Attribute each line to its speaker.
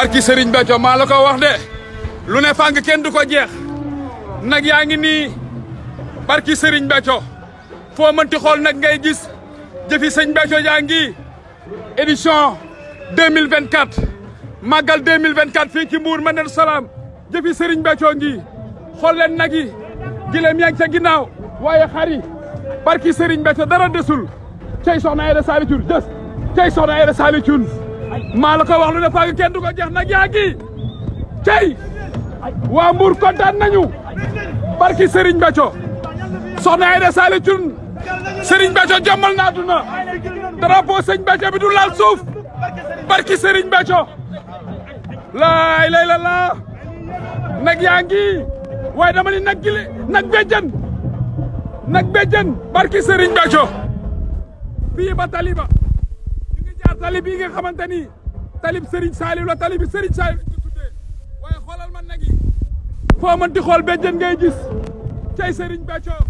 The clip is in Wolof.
Speaker 1: barki Serigne Béthio maa la ko wax de lu ne fàng kenn du ko jeex nag yaa ngi nii barki Serigne Béthio foo mënti xool nag ngay gis jëfi sëñ Béthio jaa ngi édition 2024 màggal 2024 fii ci Mbour Medina Salaam jëfi sëriñ Béthio ngi xool leen nag yi gileem yaa ngi ca ginnaaw waaye xari barki Serigne Béthio dara desul cey soxna Aïda Saliou Thioune des cey soxna Aïda Saliou Thioune maa la ko wax lu ne faa ngi kenn du ko jeex nag yaa ngi cey waa Mbour kontaan nañu barki Serigne Béthio soxna Aïda Saliou Thioune Serigne Béthio jëmmal na àdduna drapeau Serigne bi du laal suuf barki Serigne Béthio lay la nag yaa ngi waaye dama ni nag gile nag béjjën nag béjjën barki Serigne Béthio bii ba taliba waaw tali bii nga xamante ni talib Serigne Saliou la talib Serigne Saliou lañ ko tuddee
Speaker 2: waaye xoolal ma nag yi
Speaker 1: foo mënti xool béjjën ngay gis cay Serigne Bacco